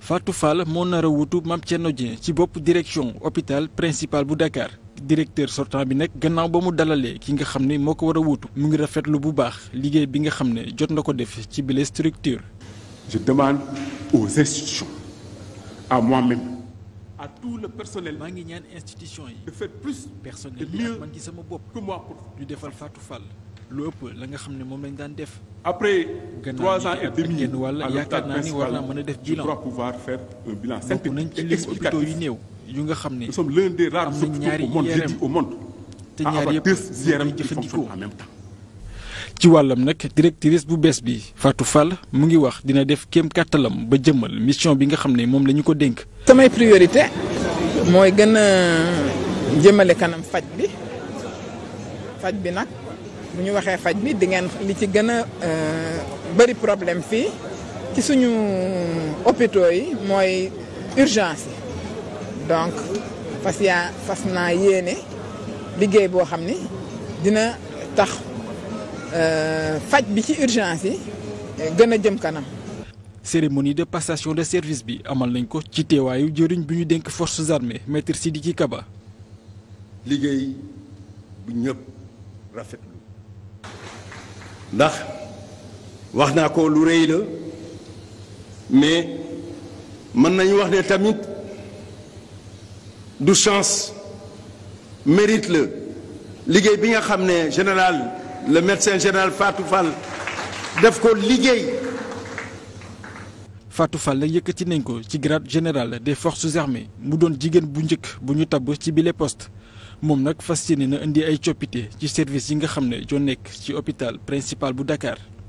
Fatou Fall moo nara wutu Mame Thierno Dieng ci bopp direction hôpital principal bu Dakar directeur sortant bi nag gannaaw ba mu dalalee ki nga xam ne moo ko war a wutu mu ngi rafetlu bu baax liggéey bi nga xam ne jot na ko def ci bile structure. Je demande aux institutions, à moi-même. tout le personnel. maa ngi ñaan institution yi. de faire plus personnel de mieux man sama bopp. que ñu defal Fatou Fall. lu ëpp la nga xam ne moom lañ daan def. après trois ans et demi wala yaakaar naa ni war naa mën def bilan pour pouvoir faire un bilan synthétique nañ ci lim hôpitaux néew yu nga xam ne nous sommes l'un des rares hôpitaux au monde je dis au monde même temps ci wàllam nag directrice bu bees bi Fatou Fall mu ngi wax dina def kéem kàttalam ba jëmmal mission bi nga xam ne moom la ñu ko dénk samay priorité mooy gën a jëmale kanam faj bi faj bi nag bu ñu waxee faj bi di ngeen li ci gën a euh, bëri problème fii ci suñu hôpitaux yi mooy urgence yi donc fas yaa fas naa yéene liggéey boo xam ni dina tax euh, faj bi ci urgence yi gën a jëm kanam. cérémonie de passation de service bi amal nañ ko ci teewaayu jëriñ bi ñu dénk forces armées maître Sidiki Kaba. liggéey bu ñëpp ndax wax naa ko lu rëy la mais mën nañu wax ne tamit du chance mérite la liggéey bi nga xam ne général le médecin général Fatou Fall def ko liggéey. Fatou Fall la yëkkati nañ ko ci grade général des forces armées mu doon jigéen bu njëkk bu ñu tabb ci bile poste. moom nag fas yéene na indi ay coppite ci service yi nga xam ne joo nekk ci hôpital principal bu Dakar.